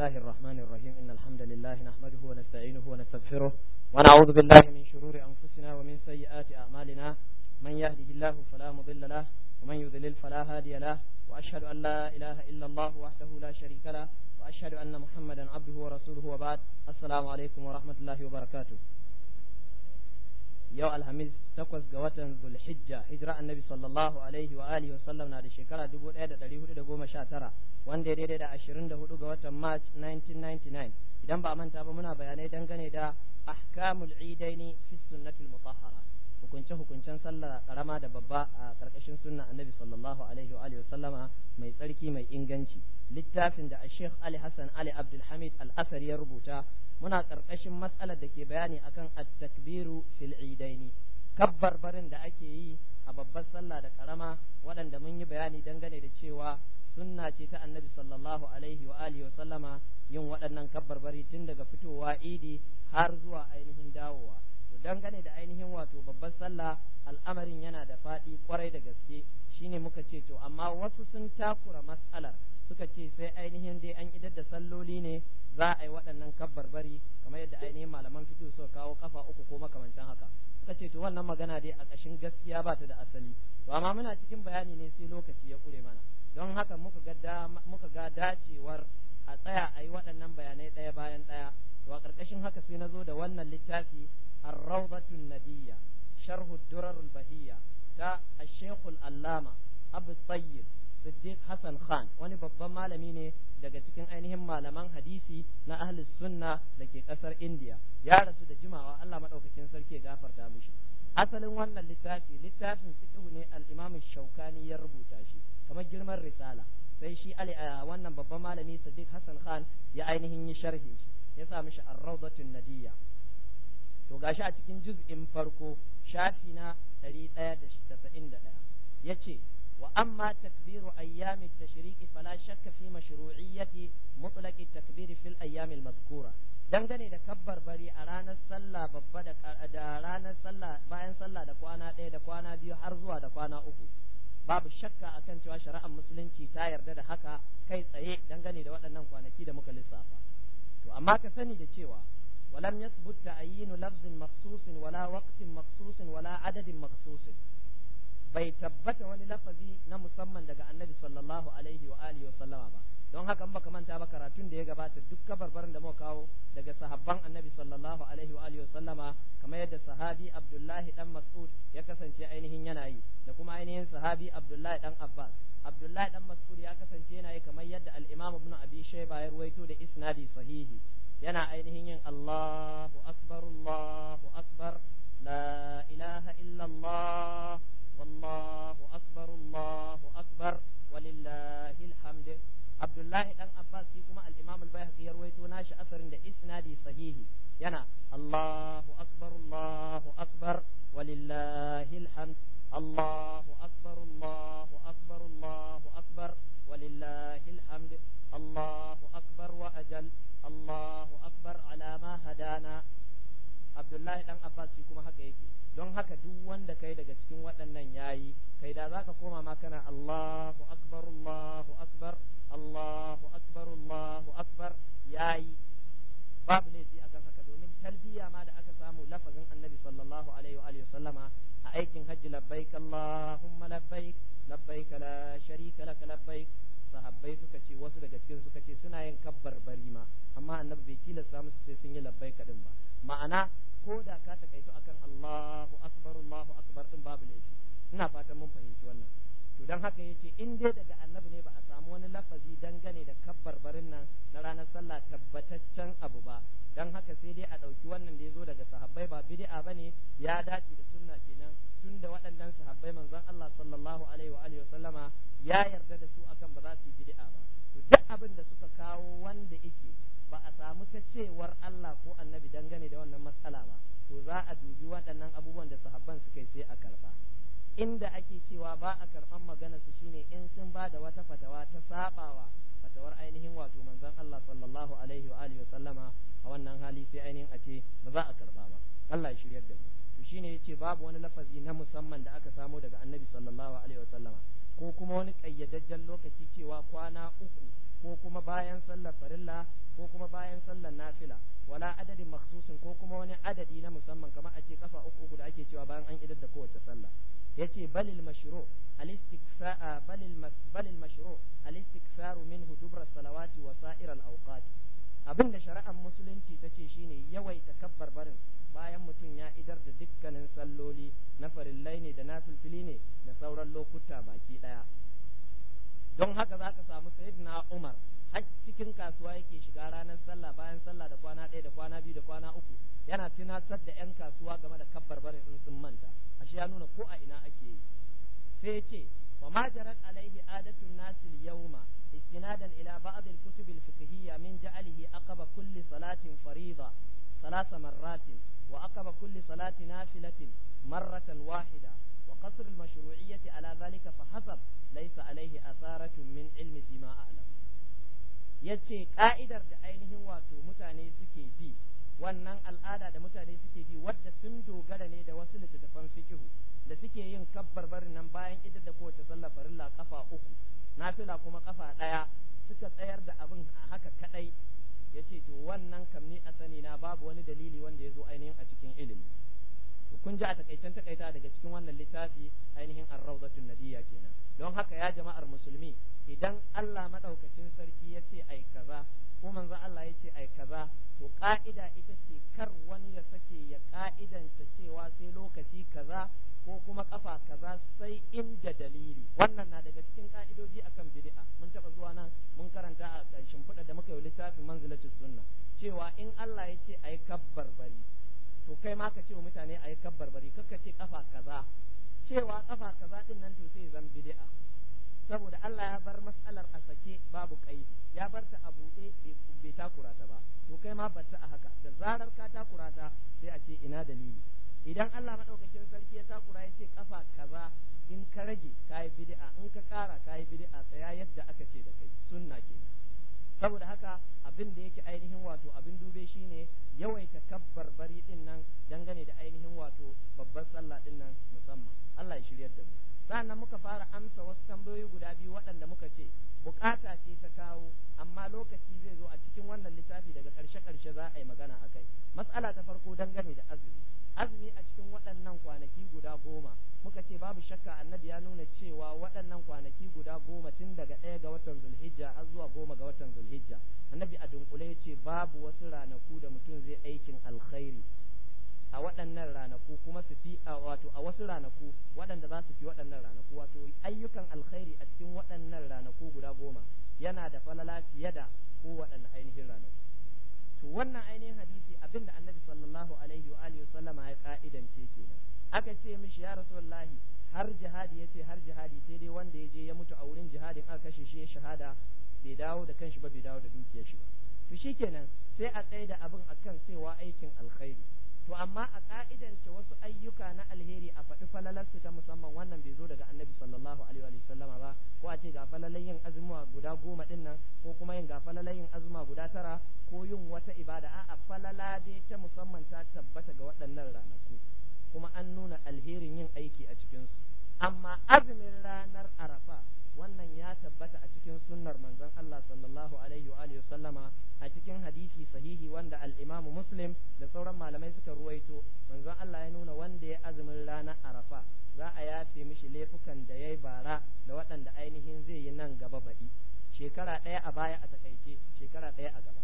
الله الرحمن الرحيم إن الحمد لله نحمده ونستعينه ونستغفره ونعوذ بالله من شرور أنفسنا ومن سيئات أعمالنا من يهده الله فلا مضل له ومن يضلل فلا هادي له وأشهد أن لا إله إلا الله وحده لا شريك له وأشهد أن محمدا عبده ورسوله وبعد السلام عليكم ورحمة الله وبركاته yau alhamis takwas ga watan zulhijja hijira annabi sallallahu alaihi wa alihi wasallam na da shekara tara wanda ya daidai da hudu ga watan march 1999 idan ba a manta ba muna bayanai dangane da ahkamul idaini fi sunnatul mutahhara hukunce hukuncen sallah karama da babba a karkashin sunna annabi sallallahu alaihi wa alihi sallama mai tsarki mai inganci littafin da Sheikh Ali Hassan Ali Abdulhamid Al-Asari ya rubuta muna karkashin matsalar da ke bayani akan at-takbiru fil idaini kabbar barin da ake yi a babbar sallah da karama waɗanda mun yi bayani dangane da cewa sunna ce ta annabi sallallahu alaihi wa alihi sallama yin waɗannan kabbarbari tun daga fitowa idi har zuwa ainihin dawowa dangane da ainihin wato babbar sallah al'amarin yana da faɗi kwarai da gaske shine muka ce to amma wasu sun takura matsalar suka ce sai ainihin dai an idar da salloli ne za a yi waɗannan kabbarbari kamar yadda ainihin malaman fito suka kawo kafa uku ko makamancin haka suka ce to wannan magana dai a ƙashin gaskiya ba ta da asali to amma muna cikin bayani ne sai lokaci ya ƙure mana don haka muka ga dacewar a tsaya a yi waɗannan bayanai ɗaya bayan ɗaya to a ƙarƙashin haka sai na zo da wannan littafi ar-rawdatun nabiyya sharhu durarul bahiyya ta ash allama abu tayyib siddiq hasan khan wani babban malami ne daga cikin ainihin malaman hadisi na ahli sunna da ke kasar indiya ya rasu da jimawa allah maɗaukacin sarki ya gafarta mishi asalin wannan littafi littafin fiqhu ne al-imam shaukani ya rubuta shi kamar girman risala sai shi wannan babban malami siddiq hasan khan ya ainihin yi sharhi shi ya sa mishi ar-rawdatun to gashi a cikin juz'in farko shafi na 191 yace wa amma takbiru ayyami tashriqi fala shakka fi mashru'iyyati mutlaq at fil ayyami al dangane da kabbar bari a ranar sallah babba da ranar sallah bayan sallah da kwana ɗaya da kwana biyu har zuwa da kwana uku babu shakka akan cewa shari'ar musulunci ta yarda da haka kai tsaye dangane da waɗannan kwanaki da muka lissafa to amma ka sani da cewa walam yasbut ta'yinu lafzin maqsusin wala waqtin maqsusin wala adadin maqsusin bai tabbata wani lafazi na musamman daga annabi sallallahu alaihi wa alihi wa sallama ba don haka in baka manta ba karatun da ya gabata duk kabarbarin da muka kawo daga sahabban annabi sallallahu alaihi wa alihi wa sallama kamar yadda sahabi abdullahi dan mas'ud ya kasance ainihin yana yi da kuma ainihin sahabi abdullahi dan abbas abdullahi dan mas'ud ya kasance yana yi kamar yadda al-imam ibn abi shayba ya ruwaito da isnadi sahihi yana ainihin yin Allahu akbar Allahu akbar la ilaha illallah والله أكبر الله أكبر ولله الحمد عبد الله بن عباس كما الإمام البيهقي يرويته ناشي أثر عند إسنادي صحيح ينا الله أكبر الله أكبر ولله الحمد الله أكبر الله أكبر الله أكبر ولله الحمد الله أكبر وأجل الله أكبر على ما هدانا abdullahi dan abbas shi kuma haka yake don haka duk wanda kai daga cikin waɗannan yayi kai da zaka koma ma kana allahu akbar allahu akbar allahu akbar allahu akbar yayi babu a akan haka domin talbiya ma da aka samu lafazin annabi sallallahu alaihi wa alihi sallama a aikin hajji labbaik allahumma labbaik labbaik la sharika lak labbaik sahabbai suka ce wasu daga cikin suka ce suna yin kabbar bari ma amma annabi bai tilasta musu sai sun yi labbai kadin ba ma'ana ko da ka takaito akan Allahu akbar Allahu akbar din babu laifi ina fatan mun fahimci wannan to dan haka yake in dai daga annabi ne ba a samu wani lafazi dangane da kabbar barin nan na ranar sallah tabbataccen abu ba dan haka sai dai a ɗauki wannan da ya zo daga sahabbai ba bid'a ne ya dace da sunna kenan tun da waɗannan sahabbai manzon Allah sallallahu alaihi wa alihi sallama ya yarda da su akan ba za su yi bid'a ba to duk abin da suka kawo wanda yake ba a samu ta cewar Allah ko annabi dangane da wannan matsala ba to za a dubi waɗannan abubuwan da sahabban suka yi sai a karba inda ake cewa ba a karɓan maganar su shine in sun ba da wata fatawa ta sabawa fatawar ainihin wato manzon Allah sallallahu alaihi wa alihi sallama a wannan hali sai ainihin a ce ba za a karba ba Allah ya shiryar da mu to shine yace babu wani lafazi na musamman da aka samo daga Annabi sallallahu alaihi wa sallama ko kuma wani kayyadajjen lokaci cewa kwana uku ko kuma bayan sallar farilla ko kuma bayan sallar nafila wala adadin makhsusin ko kuma wani adadi na musamman kamar a ce kafa uku uku da ake cewa bayan an idar da kowace sallah yace balil mashru al-istiksa balil balil mashru al-istiksaru minhu dubra salawati wa sa'ir al-awqat abin da shari'ar musulunci ta ce shine yawaita kabbar barin bayan mutum ya idar da dukkanin salloli na farillai ne da na filfili ne da sauran lokuta baki daya don haka za ka samu sayyidina umar har cikin kasuwa yake shiga ranar sallah bayan sallah da kwana ɗaya da kwana biyu da kwana uku yana tunatar da 'yan kasuwa game da kabbar barin in sun manta ashe ya nuna ko a ina ake yi sai yace ce wa ma jarat alaihi adatun nasil yawma istinadan ila ba'd al-kutub al-fiqhiyya min ja'alihi aqaba kulli salatin fariida ثلاث wa وعقب kulli salati نافلة marratan wahida. وقصر المشروعية على ذلك فحسب ليس عليه أثارة من علم فيما أعلم yace ka'idar da ainihin wato mutane suke bi wannan al'ada da mutane suke bi wadda sun dogara ne da wasu littattafan fikihu da suke yin kabbar barin nan bayan ita da kowace sallah farilla kafa uku nafila kuma kafa ɗaya suka tsayar da abin a haka kadai yace to wannan kam ni a sani na babu wani dalili wanda ya zo ainihin a cikin ilimi kun ji a takaicen takaita daga cikin wannan littafi ainihin ar-rawdatun nabiyya kenan don haka ya jama'ar musulmi idan Allah madaukakin sarki ya ce ai kaza ko manzo Allah ya ce ai kaza to ka'ida ita ce kar wani ya sake ya ka'idanta cewa sai lokaci kaza ko kuma kafa kaza sai inda dalili wannan na daga cikin ka'idoji akan bid'a mun taba zuwa nan mun karanta a fada da muka yi littafin manzilatus sunna cewa in Allah ya ce ai kabbar bari to kai ma ka ce wa mutane a yi kabbar bari ka ce kafa kaza cewa kafa kaza din nan to sai zan bid'a saboda Allah ya bar mas'alar a sake babu kai ya bar ta a buɗe bai takura ta ba to kai ma batta a haka da zarar ka takura ta sai a ce ina dalili idan Allah madaukakin sarki ya takura ya ce kafa kaza in ka rage ka yi bid'a in ka kara kayi bid'a tsaya yadda aka ce da kai sunna kenan saboda haka abin da yake ainihin wato abin dube shi ne yawaita kabbar bari din nan dangane da ainihin wato babbar sallah din nan musamman Allah ya shiryar da mu sannan muka fara amsa wasu tambayoyi guda biyu waɗanda muka ce bukata ce ta kawo amma lokaci zai zo a cikin wannan littafi daga ƙarshe ƙarshe za a yi magana akai mas'ala ta farko dangane da azumi azumi a cikin waɗannan kwanaki guda goma muka ce babu shakka annabi ya nuna cewa waɗannan kwanaki guda goma tun daga ɗaya ga watan zulhijja har zuwa goma ga watan zulhijja annabi a dunkule ya ce babu wasu ranaku da mutum zai aikin alkhairi a waɗannan ranaku kuma su fi a wato a wasu ranaku waɗanda za su fi waɗannan ranaku wato ayyukan alkhairi a cikin waɗannan ranaku guda goma yana da falala fiye da ko ainihin ranaku to wannan ainihin hadisi abinda annabi sallallahu alaihi wa alihi sallama ya ka'idance nan aka ce mishi ya rasulullahi har jihadi ya ce har jihadi sai dai wanda ya je ya mutu a wurin jihadin aka kashe shi ya shahada bai dawo da kanshi ba bai dawo da dukiyar shi ba to shikenan sai a tsaye da abin akan cewa aikin alkhairi to amma a ka'idance wasu ayyuka na alheri a faɗi falalarsu ta musamman wannan bai zo daga annabi sallallahu alaihi wa sallama ba ko a ce ga falalar yin azumuwa guda goma din nan ko kuma yin ga falalar yin azuma guda tara ko yin wata ibada a falala dai ta musamman ta tabbata ga waɗannan ranaku kuma an nuna alherin yin aiki a cikinsu amma azumin tabbata a cikin sunnar manzon Allah sallallahu alaihi wa alihi sallama a cikin hadisi sahihi wanda al-Imam Muslim da sauran malamai suka ruwaito manzon Allah ya nuna wanda ya azumin ranar Arafa za a yafe mishi laifukan da yayi bara da waɗanda ainihin zai yi nan gaba baɗi shekara ɗaya a baya a takaice shekara ɗaya a gaba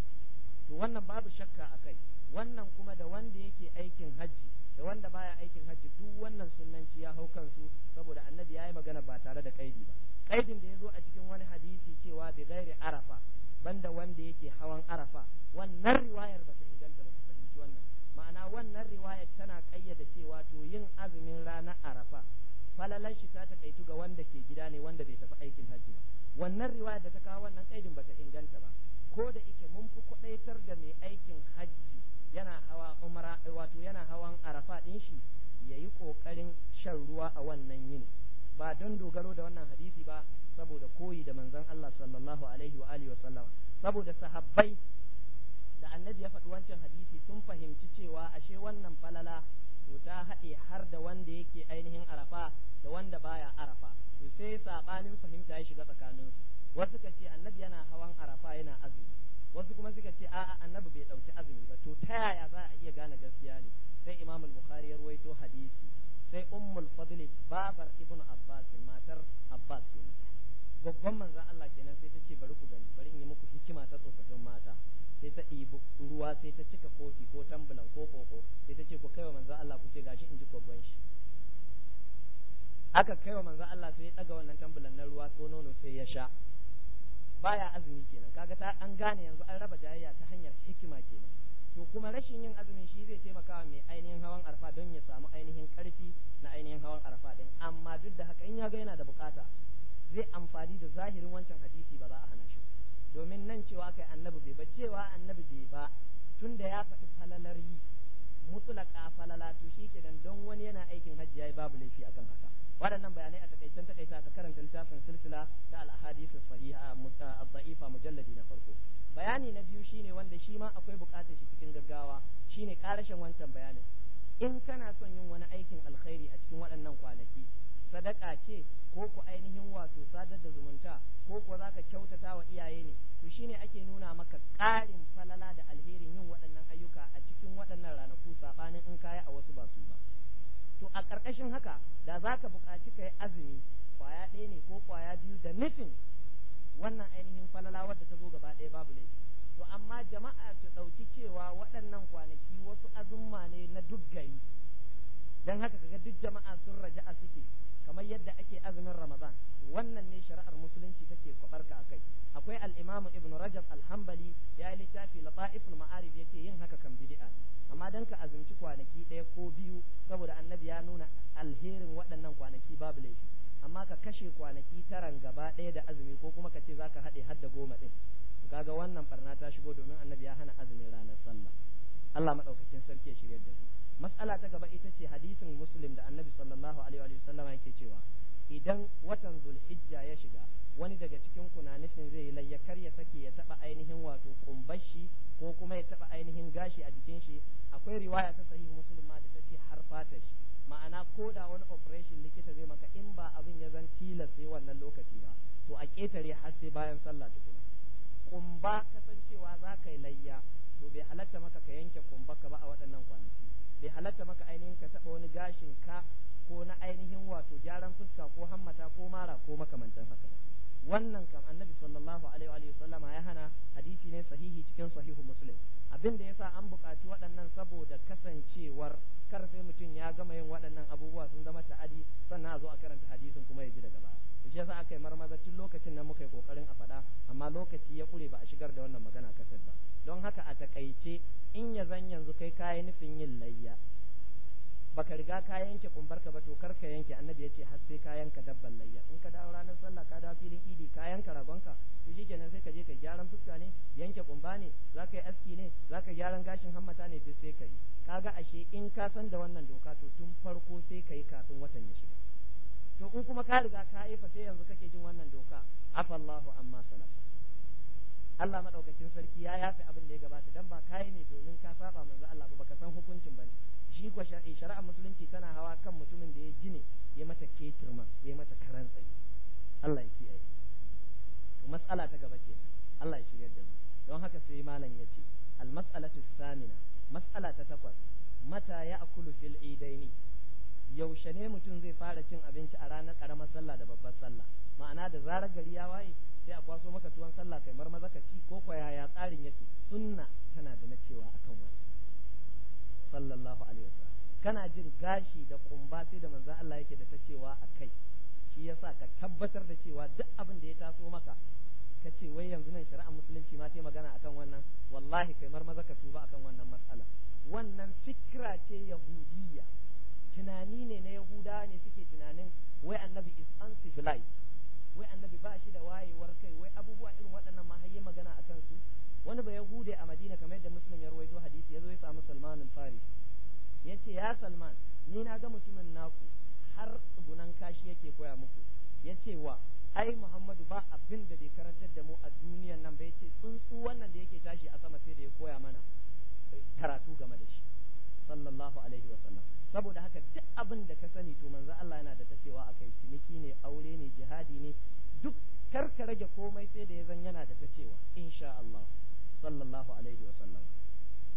to wannan babu shakka a kai wannan kuma da wanda yake aikin hajji da wanda baya aikin hajji duk wannan sunnanci ya hau kansu saboda annabi ya yi magana ba tare da kaidi ba kaidin da ya zo a cikin wani hadisi cewa bi ghairi arafa banda wanda yake hawan arafa wannan riwayar ba ta inganta ba ku fahimci wannan ma'ana wannan riwayar tana kayyada cewa to yin azumin rana arafa falalan shi ta takaitu ga wanda ke gida ne wanda bai tafi aikin hajji ba wannan riwayar da ta kawo wannan kaidin ba ta inganta ba ko da ike mun fi kwadaitar da mai aikin hajji yana hawa umara wato yana hawan arafa din shi yayi kokarin shan ruwa a wannan yini ba don dogaro da wannan hadisi ba saboda koyi da manzon Allah sallallahu alaihi wa alihi saboda sahabbai da annabi ya faɗi wancan hadisi sun fahimci cewa ashe wannan falala to ta haɗe har da wanda yake ainihin arafa da wanda baya arafa to sai sabanin fahimta ya shiga tsakaninsu wasu ka ce annabi yana hawan arafa yana azumi wasu kuma suka ce a'a annabi bai dauki azumi ba to ta yaya za a iya gane gaskiya ne sai imam al-bukhari ya ruwaito hadisi sai ummul fadl babar ibnu abbas matar abbas kenan babban manzon Allah kenan sai ta ce bari ku gani bari in yi muku hikima ta tsofaffin mata sai ta ɗibi ruwa sai ta cika kofi ko tambulan ko koko sai ta ce ku kaiwa manzon Allah ku ce gashi in ji kogon shi aka kaiwa manzon Allah sai ya daga wannan tambulan na ruwa ko nono sai ya sha baya azumi kenan kaga ta an gane yanzu an raba jayayya ta hanyar hikima kenan to kuma rashin yin azumi shi zai taimaka mai ainihin hawan arfa don ya samu ainihin karfi na ainihin hawan arfa din amma duk da haka in ya ga yana da bukata zai amfani da zahirin wancan hadisi ba za a hana shi domin nan cewa kai annabi bai ba cewa annabi bai ba tunda ya faɗi falalar yi mutulaka falala to shi kenan don wani yana aikin hajji yayi babu laifi akan haka waɗannan bayanai a takaicen takaita ka karanta littafin silsila da al-ahadithu sahiha ad-da'ifa mujalladi na farko bayani na biyu shine wanda shi ma akwai buƙatar shi cikin gaggawa shine karashin wancan bayanin in kana son yin wani aikin alkhairi a cikin waɗannan kwanaki sadaka ce ko ku ainihin wato sadar da zumunta ko kuwa za ka kyautata wa iyaye ne to shine ake nuna maka ƙarin falala da alherin yin waɗannan ayyuka a cikin waɗannan ranaku saɓanin in kaya a wasu ba su ba to a ƙarƙashin haka da za ka buƙaci ka yi azumi ƙwaya ɗaya ne ko ƙwaya biyu da nufin wannan ainihin falala wadda ta zo gaba ɗaya babu laifi to amma jama'a su ɗauki cewa waɗannan kwanaki wasu azumma ne na duk gari dan haka kaga duk jama'a sun raja'a suke kamar yadda ake azumin Ramadan wannan ne shari'ar musulunci take kwabarka akai akwai al-Imam Ibn Rajab al-Hanbali ya yi littafi al Ma'arif yace yin haka kan bid'a amma dan ka azumci kwanaki ɗaya ko biyu saboda annabi ya nuna alherin waɗannan kwanaki babu laifi amma ka kashe kwanaki taran gaba ɗaya da azumi ko kuma ka ce zaka haɗe har da goma ɗin kaga wannan barna ta shigo domin annabi ya hana azumin ranar sallah Allah madaukakin sarki ya shiryar da mu matsala ta gaba ita ce hadisin muslim da annabi sallallahu alaihi wa sallama yake cewa idan watan zulhijja ya shiga wani daga cikin kuna nufin zai layya kar ya sake ya taba ainihin wato kumbashi ko kuma ya taba ainihin gashi a jikin shi akwai riwaya ta sahihu muslim da ta ce har fata shi ma'ana ko da wani operation likita zai maka in ba abin ya zan tilas wannan lokaci ba to a ketare har sai bayan sallah tukuna kumba kasancewa za ka yi layya to bai halatta maka ka yanke kumba ka ba a waɗannan kwanaki bai halatta maka ainihin ka taɓa wani gashin ka ko na ainihin wato gyaran fuska ko hammata ko mara ko makamantan haka ba wannan kam annabi sallallahu alaihi wa sallama ya hana hadisi ne sahihi cikin sahihu muslim abin da yasa an buƙaci waɗannan saboda kasancewar kar sai mutum ya gama yin waɗannan abubuwa sun zama ta'adi sannan a zo a karanta hadisin kuma ya ji daga baya shi yasa aka yi tun lokacin nan muka yi kokarin a faɗa amma lokaci ya ƙure ba a shigar da wannan magana kasar ba don haka a takaice in ya zan yanzu kai kayi nufin yin layya baka riga ka yanke kumbarka ba to kar ka yanke annabi ya ce har sai ka dabban layya in ka dawo ranar sallah ka dawo filin idi ka ragon ka to kenan sai ka je ka gyaran fuska ne yanke kumba ne za ka yi aski ne za ka gyaran gashin hammata ne duk sai ka yi kaga ashe in ka san da wannan doka to tun farko sai ka yi kafin watan ya shiga to in kuma ka riga ka haifa sai yanzu kake jin wannan doka afallahu amma salaf Allah madaukakin sarki ya yafe abin da ya gabata dan ba kai ne domin ka saba manzo Allah ba baka san hukuncin bane shi ko eh, shari'a musulunci tana hawa kan mutumin da ya gine ya mata ketirma ya mata karan Allah ya kiyaye to mas'ala ta gaba ke Allah ya shiryar da mu don haka sai malam yace al mas'alatu samina mas'ala ta takwas mata akulu fil idaini yaushe ne mutum zai fara cin abinci a ranar karamar sallah da babbar sallah ma'ana da zarar gari ya waye sai a kwaso maka tuwon sallah kai marmaza ka ci ko kwaya ya tsarin yake sunna tana da na cewa akan wani sallallahu alaihi wasallam kana jin gashi da kumba sai da manzon Allah yake da ta cewa a kai shi yasa ka tabbatar da cewa duk abin da ya taso maka ka ce wai yanzu nan shari'ar musulunci ma ta magana akan wannan wallahi kai maza ka tuba akan wannan matsala wannan fikra ce yahudiyya tunani ne na Yahuda ne suke tunanin wai annabi is uncivilized wai annabi ba shi da wayewar kai wai abubuwa irin waɗannan ma har magana a kansu wani ba yahude a madina kamar yadda muslim ya rawaito hadisi ya zo ya samu salman al-faris ya ce ya salman ni na ga mutumin naku har tsugunan kashi yake koya muku ya ce wa ai muhammadu ba abin da bai karantar da mu a duniyan nan ba ya ce tsuntsu wannan da yake tashi a sama sai da ya koya mana karatu game da shi sallallahu alaihi wa sallam saboda haka duk abin da ka sani to manza Allah yana da tafiwa akai ciniki ne aure ne jihadi ne duk kar ka rage komai sai da ya zan yana da ta cewa Allah sallallahu alaihi wa sallam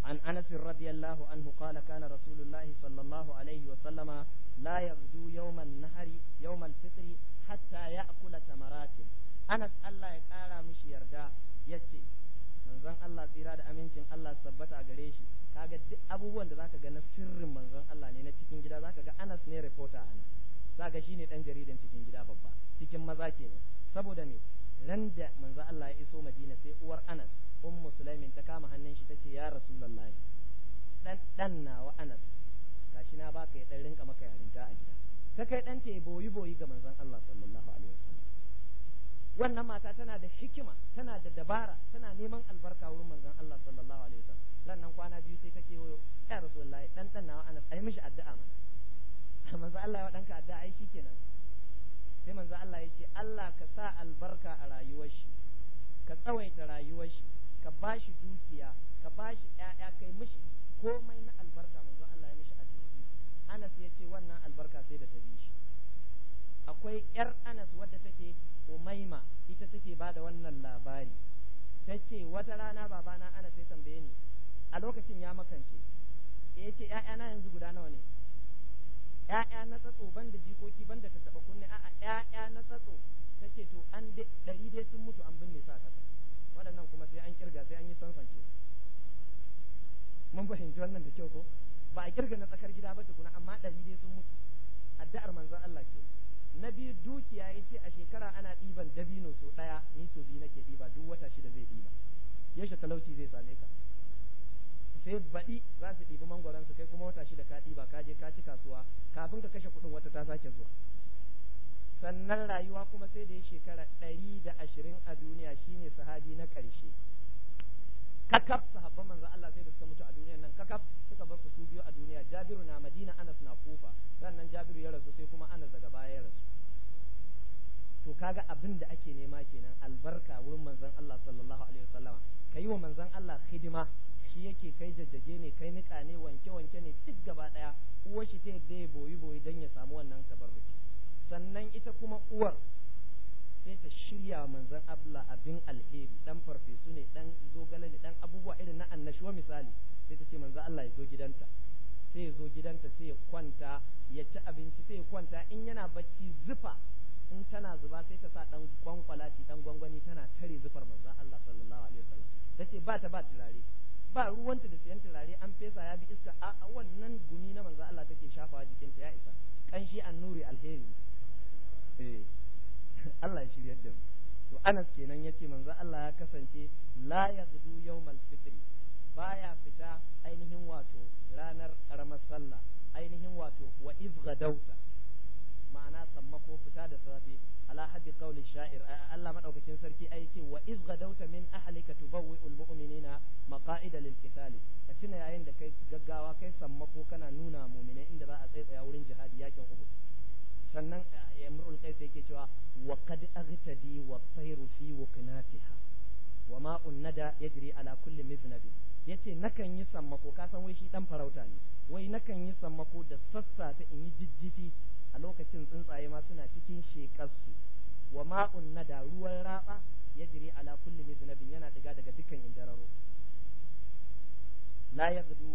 an Anas radiyallahu anhu qala kana rasulullahi sallallahu alaihi wa sallama la yaghdu yawman nahari yawmal fitri hatta ya kulata marafin Anas Allah ya ƙara mishi yarda yace manzon Allah tsira da amincin Allah sabbata a gare shi kaga duk abubuwan da zaka ga na sirrin manzon Allah ne na cikin gida zaka ga Anas ne reporter ana zaka shine dan jaridan cikin gida babba cikin maza ke ne saboda me ran da manzon Allah ya iso Madina sai uwar Anas ummu Sulaimin ta kama hannun shi tace ya Rasulullahi dan dan nawa Anas gashi na baka ya dan rinka maka yarinta a gida ta kai dan ta boyi boyi ga manzon Allah sallallahu alaihi wasallam wannan mata tana da hikima tana da dabara tana neman albarka wurin manzon Allah sallallahu alaihi wasallam sannan kwana biyu sai take wayo ya rasulullahi dan dan nawa anas ai mishi addu'a mana manzon Allah ya danka addu'a ai kenan sai manzon Allah ya ce Allah ka sa albarka a rayuwar shi ka tsawaita rayuwar shi ka bashi dukiya ka bashi ƴaƴa kai mishi komai na albarka manzon Allah ya mishi addu'a Anas ya ce wannan albarka sai da ta bi shi akwai ƴar anas wadda take umaima ita take ba da wannan labari ta ce wata rana babana anas ya tambaye ni a lokacin ya makance ya ce ‘ya'yana yanzu guda nawa ne ‘ya'ya na tsatso ban da jikoki ban da ta taɓa kunne a'a ‘ya'ya na tsatso ta ce to an ɗari dai sun mutu an binne su a ƙasa waɗannan kuma sai an kirga sai an yi sansance mun fahimci wannan da kyau ko ba a kirga na tsakar gida ba tukuna amma ɗari dai sun mutu addu'ar manzon Allah ke na biyu dukiya ya ce a shekara ana ɗiban dabino so ɗaya ni so biyu nake ɗiba duk wata shida zai ɗiba ya yaushe talauci zai same ka sai baɗi za su ɗibi mangwaron su kai kuma wata shida ka ɗiba ka je ka ci kasuwa kafin ka kashe kuɗin wata ta sake zuwa sannan rayuwa kuma sai da ya shekara ɗari da ashirin a duniya shine sahabi na ƙarshe kakaf sahabban manzo Allah sai da suka mutu a duniyar nan kakaf suka bar su biyu a duniya Jabiru na Madina Anas na Kufa sannan Jabiru ya rasu sai kuma Anas daga baya ya rasu to kaga abin da ake nema kenan albarka wurin manzon Allah sallallahu alaihi wasallam kai wa manzon Allah hidima shi yake kai jajjage ne kai nika ne wanke wanke ne duk gaba daya uwar shi ta yadda ya boyi boyi dan ya samu wannan tabarruki sannan ita kuma uwar sai ta shirya manzan Allah abin alheri dan farfesu ne dan zogale ne dan abubuwa irin na annashuwa misali sai ta ce manzan Allah ya zo gidanta sai ya zo gidanta sai ya kwanta ya ci abinci sai ya kwanta in yana bacci zufa in tana zuba sai ta sa dan kwankwalati dan gwangwani tana tare zufar manzan Allah sallallahu alaihi wasallam tace ba ta ba turare ba ruwanta da sayan turare an fesa ya bi iska a wannan gumi na manzan Allah take shafawa jikinta ya isa kanshi annuri alheri eh. Allah ya shiryar da mu to Anas kenan yace manzo Allah ya kasance la yaghdu yawmal fitr baya fita ainihin wato ranar karamar sallah ainihin wato wa iz ma'ana sammako fita da safe ala haddi qawli sha'ir Allah madaukakin sarki ai ce wa iz gadauta min ahlika tubawwi'ul mu'minina maqa'ida lil qital ka tuna yayin da kai gaggawa kai sammako kana nuna muminai inda za a tsaya wurin jihadi yakin Uhud sannan imrul qais yake cewa wa kad aghtadi wa tayru fi wuknatiha wa ma unnada yajri ala kulli miznabin yace nakan yi sammako ka san wai shi dan farauta ne wai nakan yi sammako da sassa ta in yi jijjifi a lokacin tsuntsaye ma suna cikin shekarsu wa ma unnada ruwan raba yajri ala kulli miznabin yana diga daga dukkan indararo la yabdu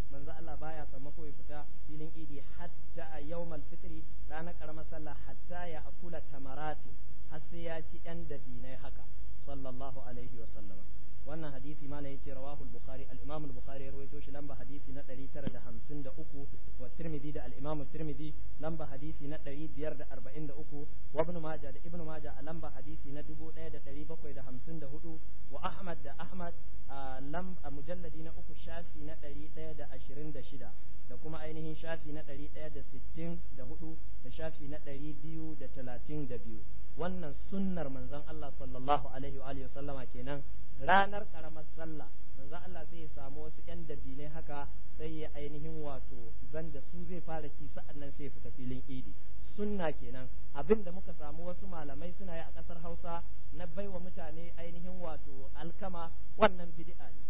Allah baya sammako ya fita filin idi hatta a yawmal fitri ranar karamar sallah hatta ya akula tamarati har sai ya ci yan dabinai haka sallallahu alaihi wa sallama wannan hadisi mala yace rawahul bukhari al-imam al-bukhari rawaito shi lamba hadisi na 953 wa tirmidhi da al-imam tirmidhi lamba hadisi na 543 wa ibn majah da ibn majah a lamba hadisi na 1754 wa ahmad da ahmad a lamba mujalladi na uku shafi na 126 da kuma ainihin shafi na 164 da shafi na 232 wannan sunnar manzon Allah sallallahu alaihi wa alihi wasallama kenan ranar karamar sallah manzo Allah sai ya samu wasu ƴan dabinai haka sai ya ainihin wato zanda su zai fara ki sa'annan sai ya fita filin idi sunna kenan abin da muka samu wasu malamai suna yi a ƙasar Hausa na baiwa mutane ainihin wato alkama wannan bid'a ne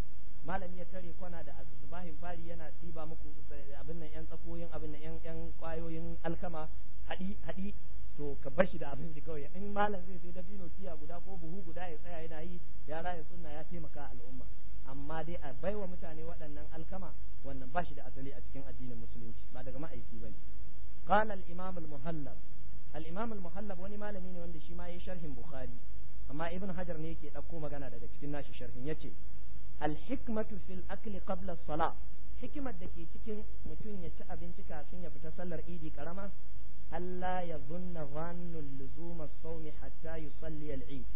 malami ya tare kwana da azzubahin fari yana ɗiba muku eh, abin nan yan tsakoyin abin nan yan kwayoyin alkama haɗi haɗi to ka bashi da abin kawai in malam zai sai dabino tiya guda ko buhu guda ya tsaya yana yi ya raya sunna ya taimaka al'umma amma dai a baiwa mutane waɗannan alkama wannan ba shi da asali a cikin addinin musulunci ba daga ma'aiki bane qala al-imam al-muhallab al-imam al-muhallab wani malami ne wanda shi ma yayi sharhin bukhari amma ibn hajar ne yake ɗauko magana daga cikin nashi sharhin yace al-hikmatu fil akli qabla as-salah hikimar da ke cikin mutum ya ci abinci kafin ya fita sallar idi karama Allah ya zunna zannun luzuma saumi hatta yusalli al-eid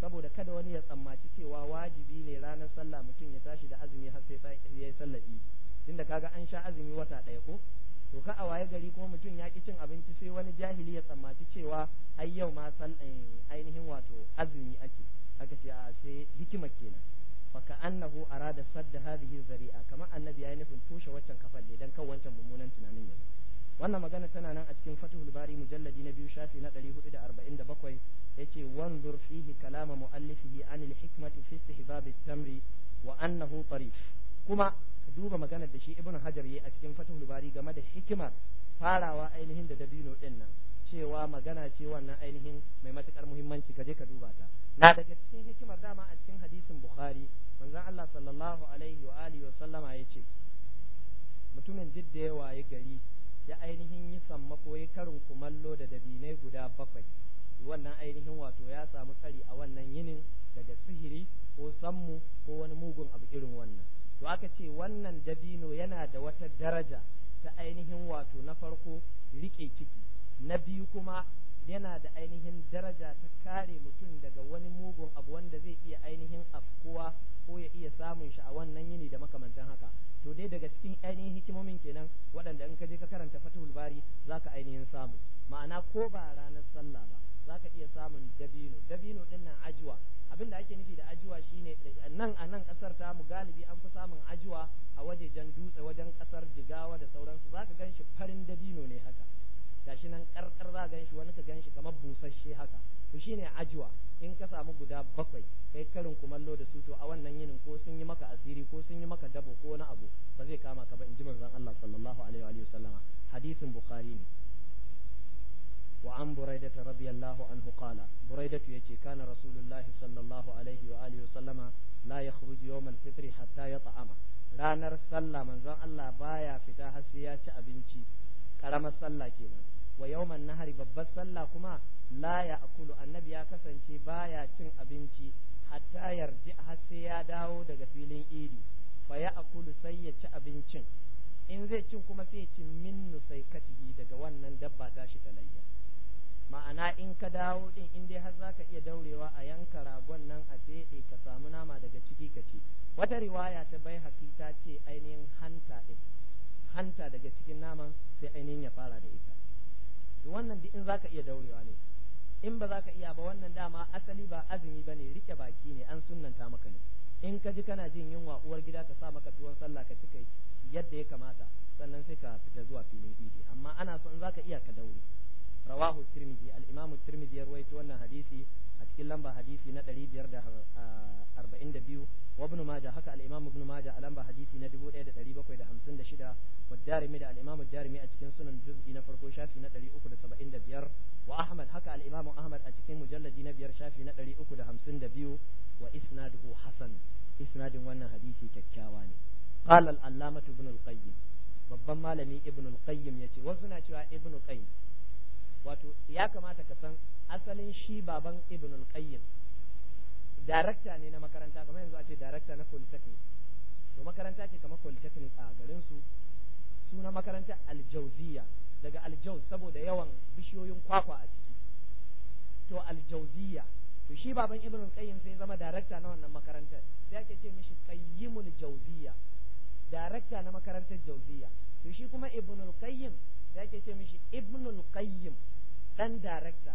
saboda kada wani ya tsammaci cewa wajibi ne ranar sallah mutum ya tashi da azumi har sai ya yi sallah eid tunda kaga an sha azumi wata ɗaya ko to ka a waye gari kuma mutum ya ki cin abinci sai wani jahili ya tsammaci cewa ai yau ma san ainihin wato azumi ake haka ce a sai hikima kenan ka annahu arada sadda hadhihi zari'a kamar annabi ya nufin toshe waccan kafalle ne dan kan wancan mummunan tunanin yanzu wannan magana tana nan a cikin fatihul bari mujalladi na biyu shafi na 447 yace wanzur fihi kalama muallifihi an al-hikmati fi istihbab at-tamri wa annahu tarif kuma ka duba magana da shi ibnu hajar yayi a cikin fatihul bari game da hikimar farawa ainihin da dabino din nan cewa magana ce wannan ainihin mai matukar muhimmanci ka je ka duba ta na daga cikin hikimar dama a cikin hadisin bukhari manzon Allah sallallahu alaihi wa alihi wa sallama yace mutumin jidda ya waye gari ya ainihin yi sammako ya karin kumallo da dabinai guda bakwai wannan ainihin wato ya samu tsari a wannan yinin daga sihiri ko sammu ko wani mugun abu irin wannan to aka ce wannan dabino yana da wata daraja ta ainihin wato na farko riƙe ciki na biyu kuma yana da ainihin daraja ta kare mutum daga wani mugun abu wanda zai iya ainihin afkuwa ko ya iya samun shi a wannan yini da makamantan haka to dai daga cikin ainihin hikimomin kenan waɗanda in ka je ka karanta fatihul bari zaka ainihin samu ma'ana ko ba ranar sallah ba za ka iya samun dabino dabino din nan ajiwa abin da ake nufi da ajiwa shine nan a nan kasar ta mu galibi an fi samun ajiwa a wajejen dutse wajen kasar jigawa da sauransu zaka gan shi farin dabino ne haka gashi nan karkar za gan shi wani ka gan shi kamar busasshe haka to ne ajiwa in ka samu guda bakwai kai karin kumallo da su to a wannan yinin ko sun yi maka asiri ko sun yi maka dabo ko wani abu ba zai kama ka ba in ji manzon Allah sallallahu alaihi wa hadisin bukhari ne wa an buraida radiyallahu anhu qala buraidatu yace kana rasulullah sallallahu alaihi wa alihi sallama la yakhruju yawm al-fitr hatta yata'ama ranar sallah manzon Allah baya fita har sai ya ci abinci karamar sallah kenan wa yawman nahari babbar sallah kuma la ya akulu annabi ya kasance baya cin abinci hatta yarji har sai ya dawo daga filin idi fa ya akulu sai ya ci abincin in zai cin kuma sai ya ci min nusaikatihi daga wannan dabba tashi ta layya ma'ana in ka dawo din in dai har zaka iya daurewa a yanka ragon nan a feɗe ka samu nama daga ciki ka ci wata riwaya ta bai ta ce ainihin hanta din hanta daga cikin naman sai ainihin ya fara da ita wannan duk in zaka iya daurewa ne in ba zaka iya ba wannan dama asali ba azumi bane rike baki ne an sunnanta maka ne in ka ji kana jin yunwa uwar gida ta sa maka tuwon sallah ka cika yadda ya kamata sannan sai ka fita zuwa filin idi amma ana so in zaka iya ka daure rawahu tirmidhi al-imamu tirmidhi ya ruwaito wannan hadisi a cikin lamba hadisi na 542 wa ibn majah haka al-imam ibn majah a lamba hadisi na 1756 wa darimi da al-imam darimi a cikin sunan juz'i na farko shafi na 375 wa ahmad haka al-imam ahmad a cikin mujalladi na biyar shafi na 352 wa isnaduhu hasan isnadin wannan hadisi kyakkyawa ne qala al-allamah ibn al-qayyim babban malami ibn al-qayyim yace wasu na cewa ibn qayyim wato ya kamata ka san asalin shi baban ibn al-qayyim darakta ne na makaranta kamar yanzu a ce darakta na polytechnic to makaranta ce kamar polytechnic a garin su suna makaranta aljauziya daga aljauz saboda yawan bishiyoyin kwakwa a ciki to aljauziya to shi baban ibn al-qayyim sai zama darakta na wannan makarantar sai ake ce mishi qayyimul jauziya darakta na makarantar jauziya to shi kuma ibn al-qayyim sai ake ce mishi ibnul qayyim dan director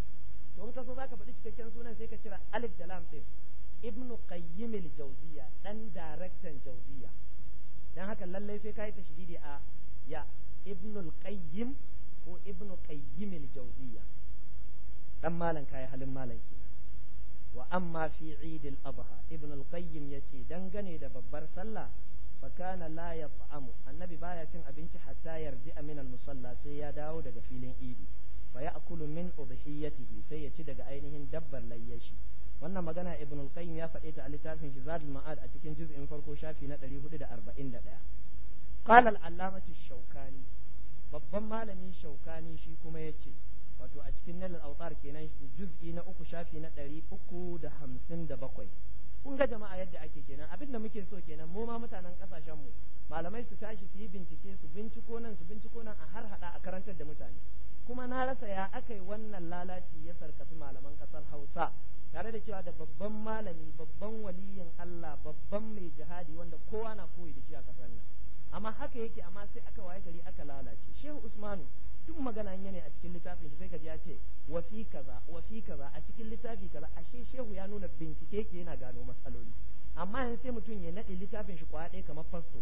to mun kaso zaka faɗi cikakken sunan sai ka cira alif da lam din ibnu qayyim al-jawziya dan daraktan jawziya dan haka lallai sai ka yi tashdidi a ya ibnul qayyim ko ibnu qayyim al-jawziya dan malan kai halin malan wa amma fi eid al-adha ibnul qayyim yace dangane da babbar sallah fa kana la yat'amu annabi baya cin abinci hatta yarji min al-musalla sai ya dawo daga filin idi fa ya'kulu min udhiyatihi sai ya ci daga ainihin dabbar layyashi wannan magana ibn al-qayyim ya faɗe ta a littafin zadul ma'ad a cikin juz'in farko shafi na 441 ɗaya. al-allamatu shaukani babban malamin shaukani shi kuma ya ce wato a cikin nalal autar kenan juz'i na uku shafi na ɗari da hamsin bakwai. kun ga jama'a yadda ake kenan abin da muke so kenan mu ma mutanen kasashen mu malamai su tashi su yi bincike su binciko nan su binciko nan a har hada a karantar da mutane kuma na rasa ya aka yi wannan lalaci ya sarkafi malaman kasar Hausa tare da cewa da babban malami babban waliyin Allah babban mai jihadi wanda kowa na koyi da shi a kasar nan amma haka yake amma sai aka waye gari aka lalace Shehu Usmanu duk magana in yana a cikin littafin shi sai ka ji ya ce wasi kaza wasi a cikin littafi kaza ashe shehu ya nuna bincike ke yana gano matsaloli amma yanzu sai mutum ya naɗe littafin shi kwaɗe kamar fasto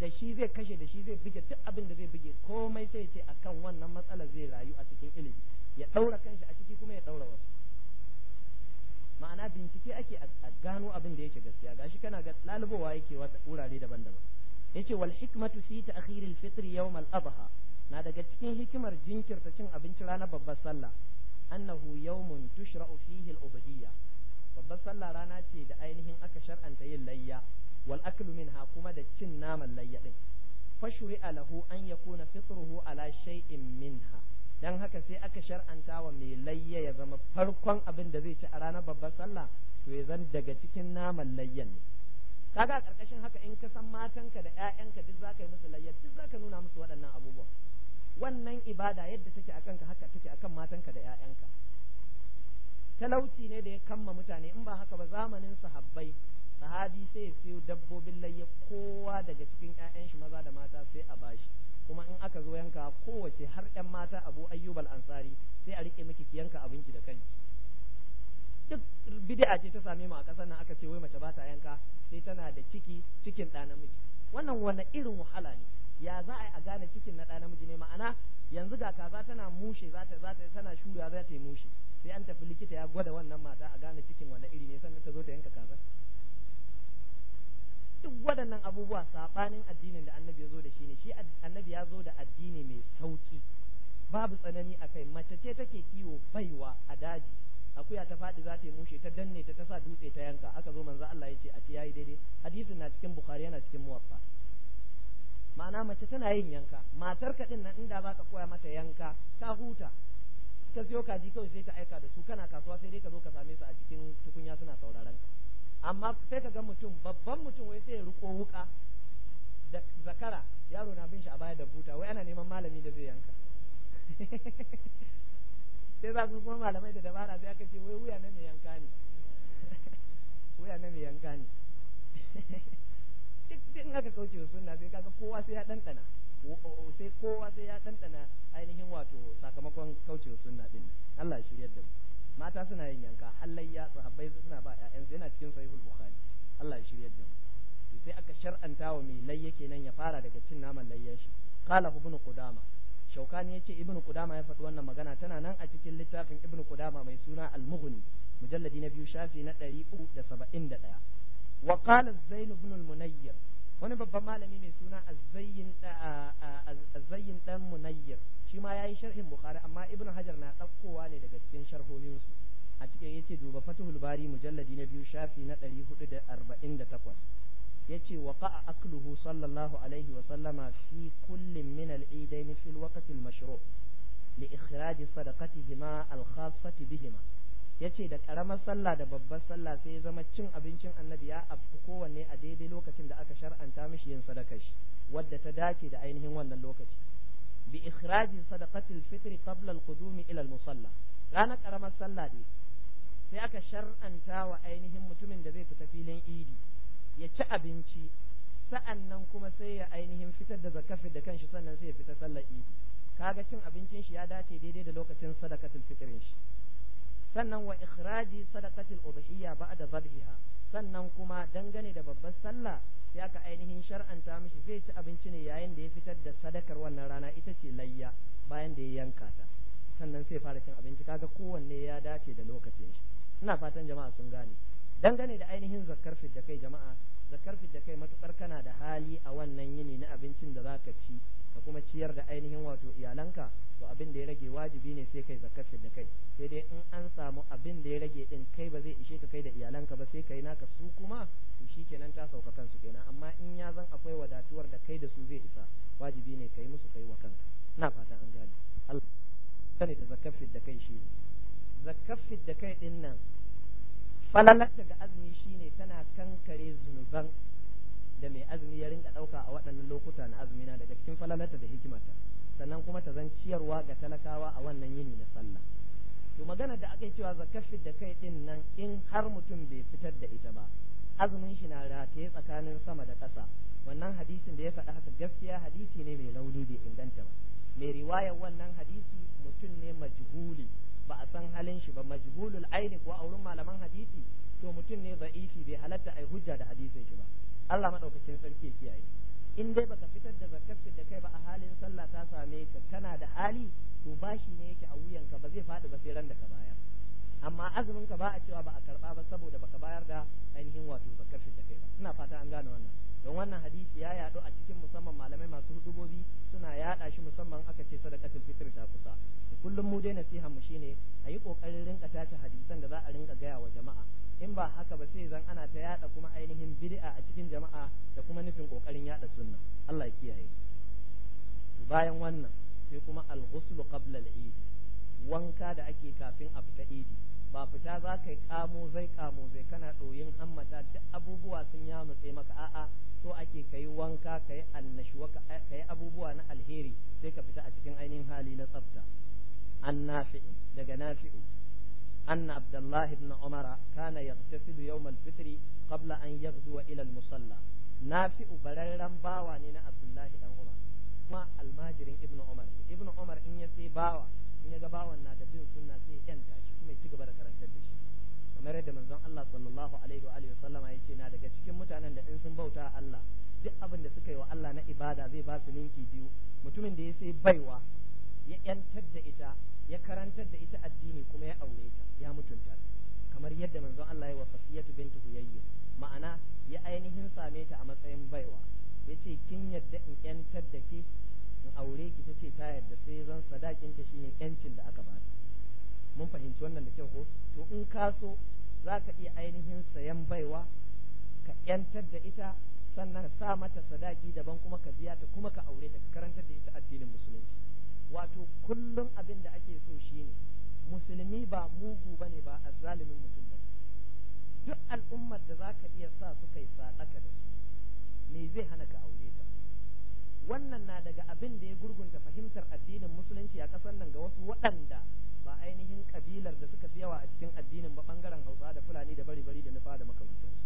da shi zai kashe da shi zai buge duk abin da zai buge komai sai ce a kan wannan matsalar zai rayu a cikin ilimi ya ɗaura kanshi a ciki kuma ya ɗaura wasu ma'ana bincike ake a gano abin da yake gaskiya gashi kana ga lalubowa yake wurare daban-daban yace wal hikmatu fi ta'khiril fitr yawm al-adha na daga cikin hikimar jinkirta cin abinci ranar babbar sallah annahu yawmun tushra'u fihi al-ubudiyya babbar sallah rana ce da ainihin aka shar'anta yin layya wal aklu minha kuma da cin naman layya din fashuri'a lahu an yakuna fitruhu ala shay'in minha dan haka sai aka shar'anta wa mai layya ya zama farkon abin da zai ci a ranar babbar sallah to ya zan daga cikin naman layyan ne kaga a karkashin haka in ka san matanka da ƴaƴanka duk zaka yi musu layya duk zaka nuna musu waɗannan abubuwa wannan ibada yadda take a kanka haka take a kan matanka da 'ya'yanka talauci ne da ya kamma mutane in ba haka ba zamanin sahabbai sahabi sai ya siyo dabbobin layya kowa daga cikin 'ya'yan shi maza da mata sai a bashi kuma in aka zo yanka kowace har 'yan mata abu ayyubal ansari sai a riƙe miki yanka abinki da kanki duk bid'a ce ta same mu a ƙasar nan aka ce wai mace ba ta yanka sai tana da ciki cikin ɗa namiji wannan wani irin wahala ne ya za a yi a gane cikin na ɗa namiji ne ma'ana yanzu ga kaza tana mushe za ta za ta tana shura za ta yi mushe sai an tafi likita ya gwada wannan mata a gane cikin wani iri ne sannan ta zo ta yanka kaza duk waɗannan abubuwa saɓanin addinin da annabi ya zo da shi ne shi annabi ya zo da addini mai sauki babu tsanani a kai mace ce take kiwo baiwa a daji akuya ta faɗi za ta yi mushe ta danne ta ta sa dutse ta yanka aka zo manzo Allah ya ce a ci yayi daidai hadisin na cikin bukhari yana cikin muwaffa ma'ana mace tana yin yanka matar ka din nan inda ka koya mata yanka ta huta ta siyo kaji kawai sai ka aika da su kana kasuwa sai dai ka zo ka same su a cikin tukunya suna sauraron ka amma sai ka ga mutum babban mutum wai sai ya riko wuka da zakara yaro na bin shi a baya da buta wai ana neman malami da zai yanka sai za su kuma malamai da dabara sai aka ce wai wuya na mai yanka ne wuya na mai yanka ne duk in aka kauce sunna sai kaga kowa sai ya dandana sai kowa sai ya dandana ainihin wato sakamakon kauce sunna din Allah ya shiryar da mu mata suna yin yanka halayya sahabbai suna ba ƴaƴan yana cikin sahihul bukhari Allah ya shiryar da mu sai aka shar'anta wa mai layya nan ya fara daga cin naman layyan shi qala ibn qudama shaukani yace ibn qudama ya faɗi wannan magana tana nan a cikin littafin ibn qudama mai suna al-mughni mujalladi na biyu shafi na 371 wa qala zain ibn wani babban malami mai suna azzayin azzayin dan shima shi ma yayi sharhin bukhari amma ibn hajar na tsakkowa ne daga cikin sharhohin su a cikin yace duba fatuhul bari mujalladi na biyu shafi na 448 yace waqa'a akluhu sallallahu alaihi wa sallama fi kullin min al-eidain fi al-waqt al-mashru' li ikhraj sadaqatihima al-khassati bihima yace da karamar sallah da babbar sallah sai ya zama cin abincin annabi ya afku kowanne a daidai lokacin da aka shar'anta mishi yin sadakar shi wadda ta dace da ainihin wannan lokaci bi ikhrajin sadaqatil fitri qabla al-qudumi ila al-musalla ranar karamar sallah dai sai aka shar'anta wa ainihin mutumin da zai fita filin idi ya ci abinci sa'an nan kuma sai ya ainihin fitar da zakafi da kanshi sannan sai ya fita sallar idi kaga cin abincin shi ya dace daidai da lokacin sadakatul fitrin shi sannan wa ikhraji sadaqatil ba ba'da zabhiha sannan kuma dangane da babbar sallah sai aka ainihin shar'anta mishi zai ci abinci ne yayin da ya fitar da sadakar wannan rana ita ce layya bayan da ya yanka ta sannan sai fara cin abinci kaga kowanne ya dace da lokacin shi ina fatan jama'a sun gane dangane da ainihin zakkar fidda kai jama'a zakar da kai matukar kana da hali a wannan yini na abincin da zaka ci ka kuma ciyar da ainihin wato iyalanka to abin da ya rage wajibi ne sai kai zakar da kai sai dai in an samu abin da ya rage din kai ba zai ishe ka kai da iyalanka ba sai kai naka su kuma to shikenan ta sauka kansu kenan amma in ya zan akwai wadatuwar da kai da su zai isa wajibi ne kai musu kai wa kanka na fata an gane Allah sani da zakar da kai shi ne zakar da kai din nan falalar daga azumi shine tana kankare zunuban da mai azumi ya rinka ɗauka a waɗannan lokuta na azumi na daga cikin falalarta da hikimarta sannan kuma ta zan ciyarwa ga talakawa a wannan yini na sallah to magana da aka yi cewa zakafi da kai din nan in har mutum bai fitar da ita ba azumin shi na rataye tsakanin sama da ƙasa wannan hadisin da ya faɗa haka gaskiya hadisi ne mai rauni bai inganta ba mai riwayar wannan hadisi mutum ne majhuli ba a san halin shi ba majhulul aini ko a wurin malaman hadisi to mutum ne za'ifi bai halatta ai hujja da hadisin shi ba Allah madaukakin sarki ya kiyaye in dai baka fitar da zakar da kai ba a halin sallah ta same ka kana da hali to bashi ne yake a wuyanka ba zai fadi ba sai ran da ka bayar amma azumin ka ba a cewa ba a karba ba saboda baka bayar da ainihin wato zakar da kai ba ina fata an gane wannan don wannan hadisi ya yaɗu a cikin musamman malamai masu hudubobi suna yaɗa shi musamman aka ce sadaqatul fitr ta kusa kullum mu dai nasiha mu shine a yi kokarin rinka tace hadisan da za a rinka gaya wa jama'a in ba haka ba sai zan ana ta yada kuma ainihin bid'a a cikin jama'a da kuma nufin kokarin yada sunna Allah ya kiyaye bayan wannan sai kuma al-ghuslu qabla al-eid wanka da ake kafin a fita idi ba fita za ka yi kamo zai kamo zai kana ɗoyin hammata duk abubuwa sun ya mutse maka a'a so ake ka yi wanka ka yi annashuwa ka yi abubuwa na alheri sai ka fita a cikin ainihin hali na tsafta an nafi'in daga nafi'u أن عبد الله بن عمر كان يغتسل يوم الفطر قبل أن يغدو إلى المصلى نافع بلرن باوا نينا عبد الله بن عمر ما الماجرين ابن عمر ابن عمر إن يسي باوا إن يغا باوا نادا بين سنة سي ينتا شكما يتيغ بركران تدش kamar yadda manzon Allah sallallahu alaihi wa alihi wasallam ya ce na daga cikin mutanen da in sun bauta Allah duk abin da suka yi wa Allah na ibada zai ba su ninki biyu mutumin da ya sai baiwa ya yantar da ita ya karantar da ita addini kuma ya aure ta ya mutunta ta kamar yadda manzon Allah ya wa fasiyatu bintu Huyayyin ma'ana ya ainihin same ta a matsayin baiwa yace kin yadda in yantar da ke in aure ki tace ta yadda sai zan sadakin ta shine yancin da aka bata mun fahimci wannan da kyau ko to in ka so za ka iya ainihin sayan baiwa ka yantar da ita sannan sa mata sadaki daban kuma ka biya ta kuma ka aure ta ka karantar da ita addinin musulunci wato kullum abin da ake so shi ne musulmi ba mugu ba ne ba zalimin mutum ba duk al'ummar da za ka iya sa su kai sadaka da su me zai hana ka aure ta wannan na daga abin da ya gurgunta fahimtar addinin musulunci a ƙasar nan ga wasu waɗanda ba ainihin kabilar da suka fi yawa a cikin addinin ba bangaren hausa da fulani da bari bari da nufa da makamantansu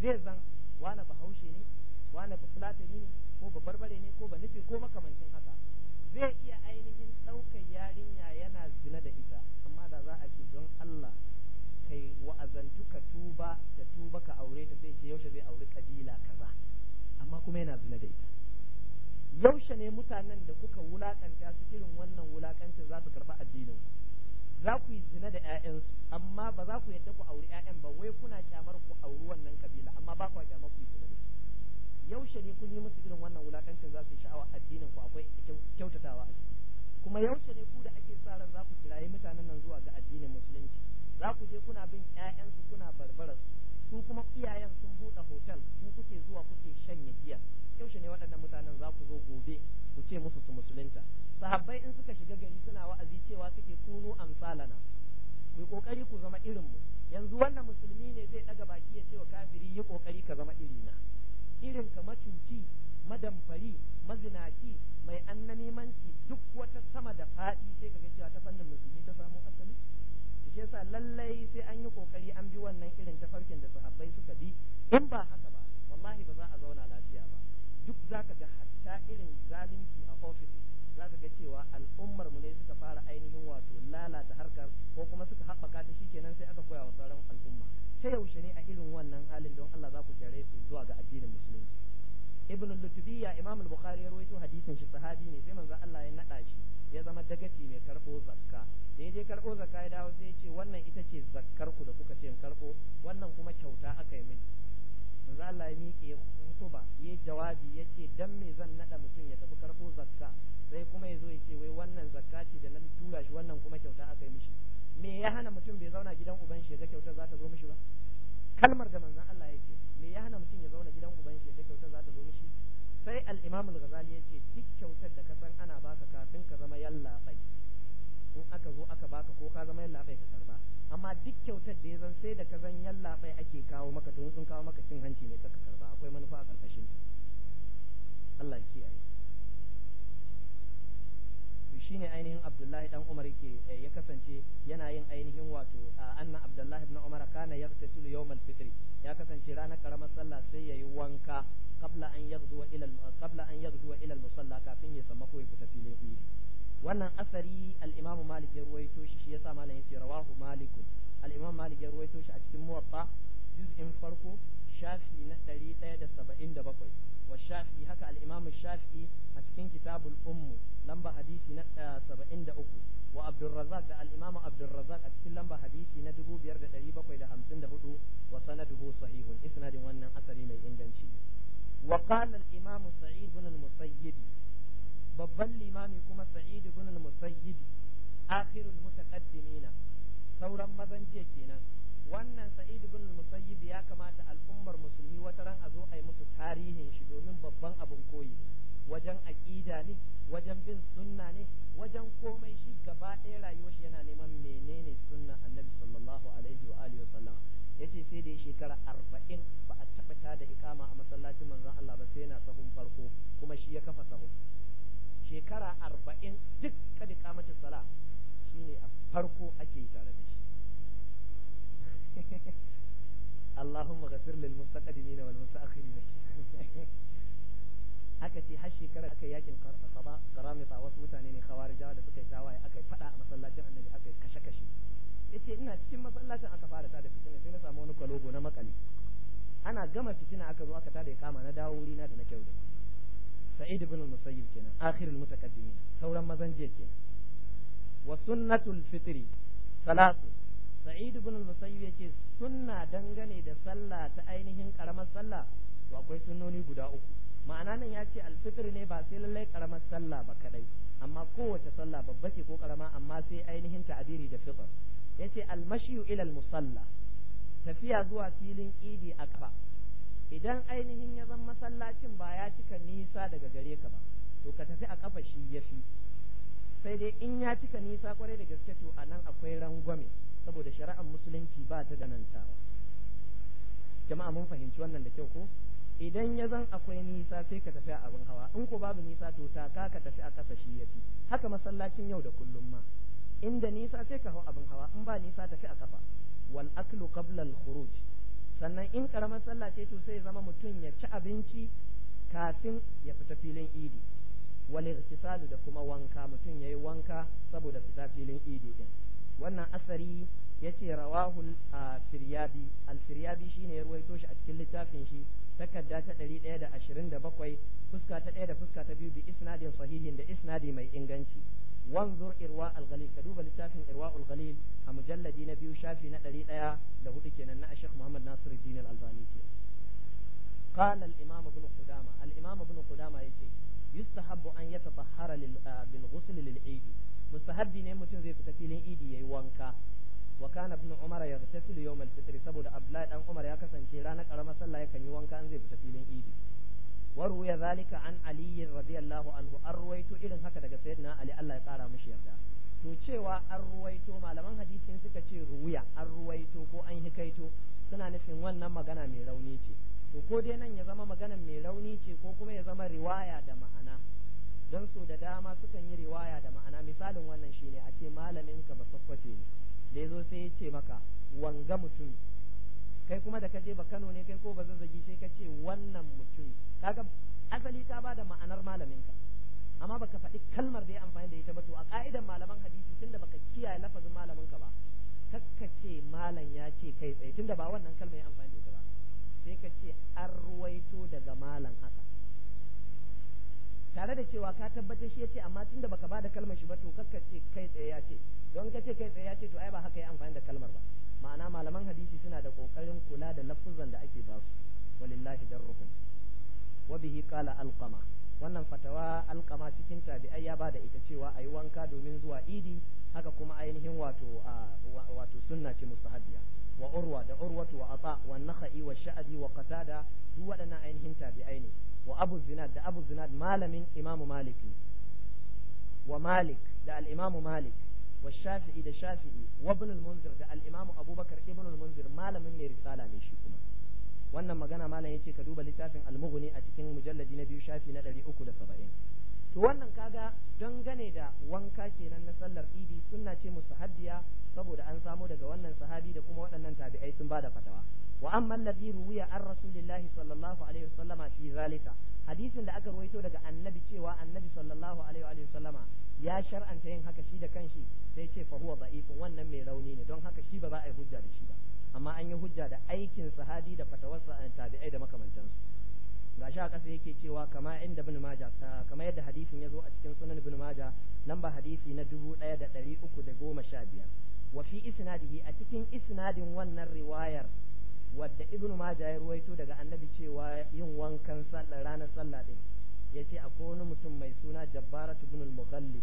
zai zan wane bahaushe ne wane bafulatani ne ko ba barbare ne ko ba nufi ko makamancin haka zai iya ainihin ɗaukar yarinya yana zina da ita amma da za a ce don Allah kai wa'azantu ka tuba ta tuba ka aure ta sai ce yaushe zai auri kabila kaza amma kuma yana zina da ita yaushe ne mutanen da kuka wulakanta su irin wannan wulakancin za su karɓi addinin za ku yi zina da 'ya'yansu amma ba za ku yadda ku auri 'ya'yan ba wai kuna kyamar ku auri wannan kabila amma ba ku kyamar ku yi zina da yaushe ne kun yi musu irin wannan wulakancin za su sha'awa addinin ku akwai kyautatawa kuma yaushe ne ku da ake sa ran za ku kirayi mutanen nan zuwa ga addinin musulunci za ku je kuna bin ƴaƴansu kuna barbaras su kuma iyayen sun buɗe hotel ku kuke zuwa kuke shanye giya yaushe ne waɗannan mutanen za ku zo gobe ku ce musu su musulunta sahabbai in suka shiga gari suna wa'azi cewa suke kunu amsalana ku yi kokari ku zama irin mu yanzu wannan musulmi ne zai ɗaga baki ya ce wa kafiri yi kokari ka zama irina irin ka macuci madamfari mazinaci mai annamimanci duk wata sama da faɗi sai ga cewa ta fannin musulmi ta samo asali shi yasa lallai sai an yi kokari an bi wannan irin ta tafarkin da sahabbai suka bi in ba haka ba wallahi ba za a zauna lafiya ba duk zaka ga hatta irin zalunci a ofis za ka ga cewa al'ummar mu ne suka fara ainihin wato lalata harkar ko kuma suka haɓaka ta shi kenan sai aka koya wa sauran al'umma ta yaushe ne a irin wannan halin don Allah za ku jare su zuwa ga addinin musulunci ibn lutubiyya imam al-bukhari ya rawaito hadisin shi sahabi ne sai manzo Allah ya nada shi ya zama dagaci mai karbo zakka da ya je karbo zakka ya dawo sai ya ce wannan ita ce zakkar ku da kuka ce karbo wannan kuma kyauta aka yi min manzo Allah ya miƙe ya ya jawabi ya ce dan me zan nada mutum ya tafi karbo zakka sai kuma ya zo ya ce wai wannan zakka ce da na tura shi wannan kuma kyauta aka yi mishi me ya hana mutum bai zauna gidan uban shi ga kyautar za ta zo mishi ba kalmar da manzon Allah yake me ya hana mutum ya zauna gidan uban shi ga kyautar za ta zo mishi sai al-Imam al-Ghazali yace duk kyautar da ka san ana baka kafin ka zama yalla in aka zo aka baka ko ka zama yalla ka karba amma duk kyautar da ya zan sai da ka zan yalla ake kawo maka to sun kawo maka cin hanci ne ka karba akwai manufa a karkashin Allah ya kiyaye shine ainihin Abdullahi dan Umar yake eh, ya kasance yana yin ainihin wato anna Abdullahi ibn Umar kana yaghtasilu yawm ya kasance ranar karamar sallah sai yayi wanka qabla an yaghdu ila qabla an yaghdu ila musalla kafin ya sama ko ya fita filin wannan asari al-Imam Malik ya ruwaito shi shi yasa malam yace rawahu Malik al-Imam Malik ya ruwaito shi a cikin Muwatta juz'in farko shafi na wa shafi haka al'imamu shafi a cikin kitabul ummu lamba hadisi na eh, saba'in da uku wa abdulrazak da al'imamu abdulrazak a cikin lamba hadisi na dubu biyar da ɗari bakwai da hamsin da hudu wa sanaduhu sahihun isnadin wannan asari mai inganci wa qala al babban limami kuma sa'id ibn al-musayyib sauran mazan jiya kenan wannan sa'id ibn al-musayyib ya kamata al'umma shekara arba'in duk kadi kamata sala shi ne a farko ake yi tare da shi Allahumma ghafir lil mustaqdimina wal musta'khirina aka ce har shekara aka yakin karamita wasu mutane ne jawa da suka yi tawaye aka yi fada a masallacin annabi aka yi kashe kashe yace ina cikin masallacin aka fara tada fitina sai na samu wani kwalogo na makali ana gama fitina aka zo aka tada ya kama na dawo wuri na da na kyau da sa'id ibn al-musayyib kenan akhirul mutaqaddimin sauran mazan jiya kenan wa sunnatul fitri salatu sa'id ibn al-musayyib yace sunna dangane da sallah ta ainihin ƙaramar sallah to akwai sunnoni guda uku ma'ana nan ya ce alfitiri ne ba sai lallai karamar sallah ba kaɗai, amma kowace sallah babba ce ko ƙarama, amma sai ainihin ta'abiri da fitr yace almashiyu ilal al-musalla tafiya zuwa filin idi akaba idan ainihin ya zan masallacin ba ya cika nisa daga gare ka ba to ka tafi a kafa shi ya fi sai dai in ya cika nisa kwarai da gaske to anan nan akwai rangwame saboda shari'ar musulunci ba ta ganantawa jama'a mun fahimci wannan da kyau ko idan ya zan akwai nisa sai ka tafi a abin hawa in ko babu nisa to ta ka tafi a ƙasa shi ya fi haka masallacin yau da kullum ma inda nisa sai ka hau abin hawa in ba nisa tafi a kafa wal aklu qabla al khuruj sannan in karamar sallah ce to sai zama mutum ya ci abinci kafin ya fita filin idi wal igtisalu da kuma wanka mutum ya yi wanka saboda fita filin idi din wannan asari ya ce rawahu al-firyabi al-firyabi shine ya ruwaito shi a cikin littafin shi takarda ta ɗari ɗaya da da ashirin bakwai fuska ta ɗaya da fuska ta 2 bi isnadin sahihin da isnadi mai inganci wanzur irwa al-ghalil duba littafin irwa al a mujalladi na biyu shafi na ɗari ɗaya da hudu kenan na Sheikh Muhammad Nasiruddin al-Albani ke قال الإمام ابن قدامة الإمام ابن قدامة يقول يستحب أن يتطهر بالغسل للعيد mustahabbi ne mutum zai fita filin idi yayi wanka wa kana ibn umar yaghtasilu yawm al-fitr saboda abdullahi dan umar ya kasance ranar karamar sallah yakan yi wanka an zai fita filin idi وروي ذلك عن علي رضي الله عنه أرويت إذن هكذا سيدنا علي الله kara mushi يرضى to cewa an ruwaito malaman hadisin suka ce ruwiya an ruwaito ko an hikaito suna nufin wannan magana mai rauni ce to ko dai nan ya zama magana mai rauni ce ko kuma ya zama riwaya da ma'ana don so da dama sukan yi riwaya da ma'ana misalin wannan shine a ce malamin ka ba ne da ya zo sai ya ce maka wanga mutum kai kuma da kaje ba Kano ne kai ko ba zazzagi sai ka ce wannan mutum kaga asali ta ba da ma'anar malaminka amma baka faɗi kalmar da ya amfani da ita ba to a ka'idan malaman hadisi tunda baka kiyaye lafazin malaminka ba kakka ce malam ya ce kai tsaye tunda ba wannan kalmar ya amfani da ita ba sai ka ce an ruwaito daga malam haka tare da cewa ka tabbatar shi ya ce amma tunda baka ba da kalmar shi ba to kakka ce kai tsaye ya ce don ka ce kai tsaye ya ce to ai ba haka ya amfani da kalmar ba ma'ana malaman hadisi suna da kokarin kula da lafuzan da ake ba su walillahi darruhum wa bihi qala alqama wannan fatawa alqama cikin tabi'ai ya bada ita cewa ayi wanka domin zuwa idi haka kuma ainihin wato wato sunna ce wa urwa da urwatu wa ata wa nakhai wa sha'bi wa qatada duk waɗannan ainihin tabi'ai ne wa abu zinad da abu zinad malamin imamu maliki wa malik da al-imamu malik wa shafi'i da shafi'i wa munzir da al-imamu abubakar ibn munzir malamin ne risala ne shi kuma wannan magana malam yace ka duba littafin al-mughni a cikin mujalladi na biyu shafi na 370 to wannan kaga don gane da wanka kenan na sallar idi sunna ce musahabbiya saboda an samu daga wannan sahabi da kuma waɗannan tabi'ai sun bada fatawa wa amma alladhi ruwiya an rasulillahi sallallahu alaihi wasallama fi zalika hadisin da aka ruwaito daga annabi cewa annabi sallallahu alaihi sallama ya shar'anta yin haka shi da kanshi sai ce fa huwa da'ifun wannan mai rauni ne don haka shi ba za a yi hujja da shi ba amma an yi hujja da aikin sahabi da fatawarsa an tabi'ai da makamantansu ga sha kasa yake cewa kama inda ibn majah kama yadda hadisin ya zo a cikin sunan ibn majah lamba hadisi na dubu ɗaya da ɗari uku da goma sha biyar wa fi isnadihi a cikin isnadin wannan riwayar wadda ibn majah ya ruwaito daga annabi cewa yin wankan sallah ranar sallah din yace akwai wani mutum mai suna jabbarat ibn al-mughallif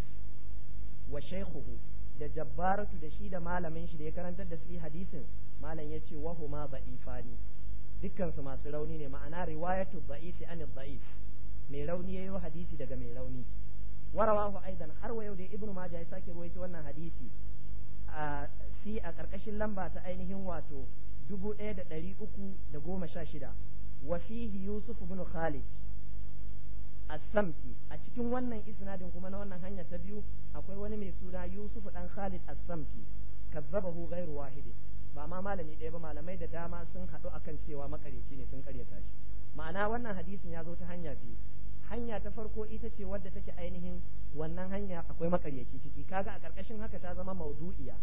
wa shaykhuhu da jabbaratu da shi da malamin shi da ya karantar da su hadisin malam yace wa huma da'ifani dukkan su masu rauni ne ma'ana riwayatu da'ifi an ba'i mai rauni yayo hadisi daga mai rauni warawahu aidan har wa yau da ibn majah ya sake ruwaito wannan hadisi a si a karkashin lamba ta ainihin wato dubu ɗaya da ɗari uku da goma sha shida wasihi yusuf bin khalid as-samti a cikin wannan isnadin kuma na wannan hanya ta biyu akwai wani mai suna yusuf dan khalid as-samti kazzabahu ghairu wahidin ba ma malami ɗaya ba malamai da dama sun haɗu akan cewa makareci ne sun ƙaryata shi ma'ana wannan hadisin ya zo ta hanya biyu hanya ta farko ita ce wadda take ainihin wannan hanya akwai makaryaci ciki kaga a ƙarƙashin haka ta zama maudu'iya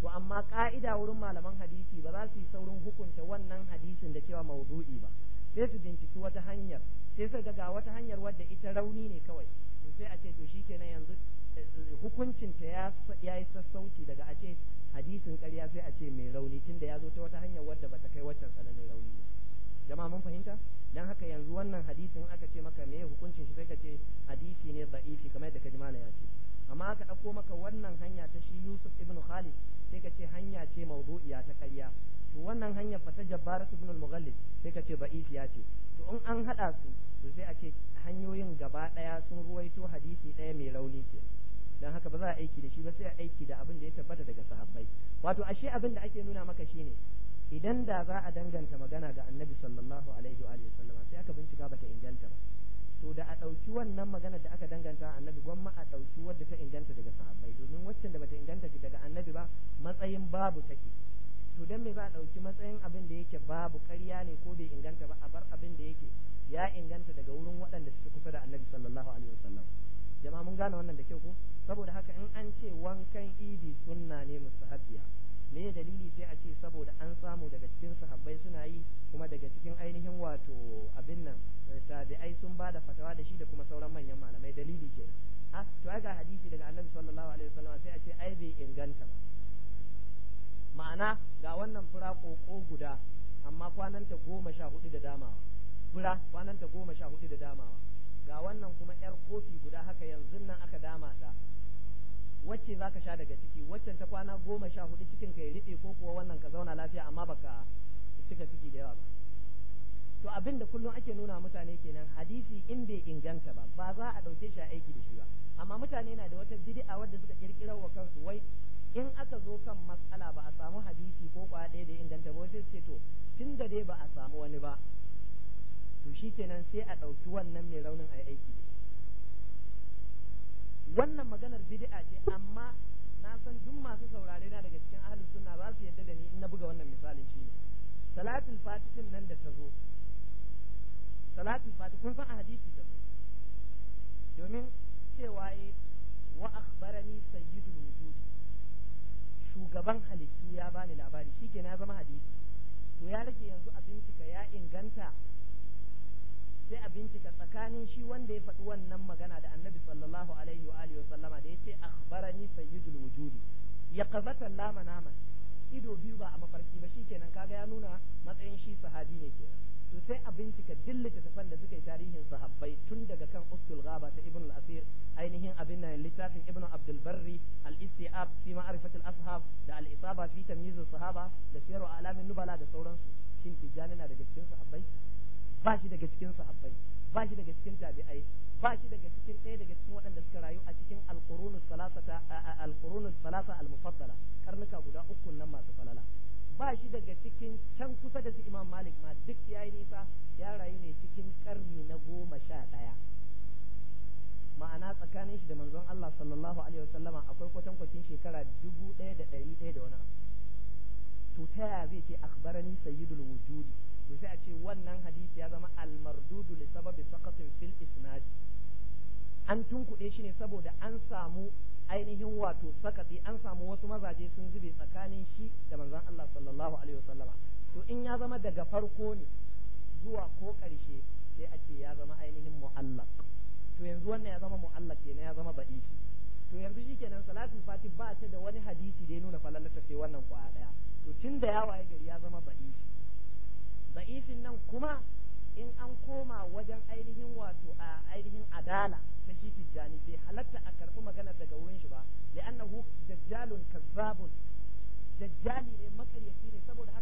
to amma ka'ida wurin malaman hadisi ba za su yi saurin hukunta wannan hadisin da cewa maudu'i ba sai su binciki wata hanyar sai su ga wata hanyar wadda ita rauni ne kawai sai a ce to shikenan yanzu eh, eh, hukuncin ta ya yi sassauci daga a ce hadisin ƙarya sai a ce mai rauni tun da ya zo ta wata hanyar wadda bata kai waccan tsananin rauni ba jama'a mun fahimta dan haka yanzu wannan hadisin aka ce maka me hukuncin shi sai ka ce hadisi ne da'ifi kamar yadda kajmala ya ce amma aka ɗauko maka wannan hanya ta shi Yusuf ibn Khalid sai ka ce hanya ce mawdu'iya ta karya to wannan hanya fa ta Jabbarat ibn al-Mughallib sai ka ce ba'ifiya ce to in an hada su to sai a ce hanyoyin gaba ɗaya sun ruwaito hadisi ɗaya mai rauni ce dan haka ba za a aiki da shi ba sai a aiki da abin da ya tabbata daga sahabbai wato ashe abin da ake nuna maka shine idan da za a danganta magana ga annabi sallallahu alaihi wa sallam sai aka bincika bata inganta ba to da a ɗauki wannan magana da aka danganta annabi gwamma a ɗauki wadda ta inganta daga sahabbai domin waccan da bata inganta daga annabi ba matsayin babu take to dan me ba a ɗauki matsayin abin da yake babu ƙarya ne ko bai inganta ba a bar abin da yake ya inganta daga wurin waɗanda suke kusa da annabi sallallahu alaihi wasallam jama'a mun gane wannan da kyau ko saboda haka in an ce wankan idi sunna ne mustahabbiya me dalili sai a ce saboda an samu daga cikin sahabbai suna yi kuma daga cikin ainihin wato abin nan eh, tabi'ai sun ba da fatawa da shi da kuma sauran manyan malamai dalili ke a ah, to ga hadisi daga annabi sallallahu alaihi wasallam sai a ce ai bai inganta ba ma'ana ga wannan fura koko guda amma kwananta goma sha hudu da damawa fura kwananta goma sha hudu da damawa ga wannan kuma yar kofi guda haka yanzu nan aka dama ta wacce za ka sha daga ciki waccan ta kwana goma sha hudu cikin ka ya ko kuwa wannan ka zauna lafiya amma baka cika ciki da yawa ba to abin da kullum ake nuna mutane kenan hadisi in bai inganta ba ba za a ɗauke shi a aiki da shi ba amma mutane na da wata bid'a wadda suka kirkira wa kansu wai in aka zo kan matsala ba a samu hadisi ko kwa ɗaya da inganta ba sai ce to tun da dai ba a samu wani ba to shi kenan sai a ɗauki wannan mai raunin a aiki da wannan maganar bid'a ce amma na san duk masu saurare na daga cikin ahlus sunna za su yadda da ni in na buga wannan misalin shi ne salatul fatihin nan da ta zo salatul fatih kun san a hadisi da domin cewa yi eh, wa akhbarani sayyidul wujud shugaban halittu ya bani labari shikenan ya zama hadisi to ya rage yanzu a bincika ya inganta sai a bincika tsakanin shi wanda ya faɗi wannan magana da annabi sallallahu alaihi wa alihi sallama da yace akhbarani sayyidul wujudi ya qabata lama naman ido biyu ba a mafarki ba shikenan kaga ya nuna matsayin shi sahabi ne kenan to sai a bincika duk littattafan da suka yi tarihin sahabbai tun daga kan usul ghaba ta ibn al-asir ainihin abin nan littafin ibn abdul barri al-istiab fi ma'rifat al-ashab da al-isaba fi tamyiz sahaba da sirru alamin nubala da sauransu shin tijani na daga cikin sahabbai ba shi daga cikin sahabbai ba shi daga cikin tabi'ai ba shi daga cikin ɗaya daga cikin waɗanda suka rayu a cikin alqurunus salasata alqurunus salasa almufaddala karnuka guda uku nan masu falala ba shi daga cikin can kusa da su imam malik ma duk yayi nisa ya rayu ne cikin karni na goma sha ɗaya ma'ana tsakanin shi da manzon Allah sallallahu alaihi wasallama akwai kwatankwacin shekara dubu ɗaya da ɗari ɗaya da wani abu to ta yaya zai ce akhbarani sayyidul wujudi to sai a ce wannan hadisi ya zama almardudu li sababi saqatin fil isnad an tunkuɗe shi ne saboda an samu ainihin wato sakati an samu wasu mazaje sun zube tsakanin shi da manzon Allah sallallahu alaihi wasallama to in ya zama daga farko ne zuwa ko ƙarshe sai a ce ya zama ainihin mu'allaq to yanzu wannan ya zama mu'allaq ne ya zama ba'ishi to yanzu shi kenan salatul fati ba ta da wani hadisi da ya nuna falalata sai wannan kwaya daya to tun da yawa ya gari ya zama ba'ishi ba'ifin nan kuma in an koma wajen ainihin wato a ainihin adala ta shi tijjani bai halatta a karɓi magana daga wurin shi ba li'annahu dajjalun kazzabun dajjali ne makaryaci ne saboda haka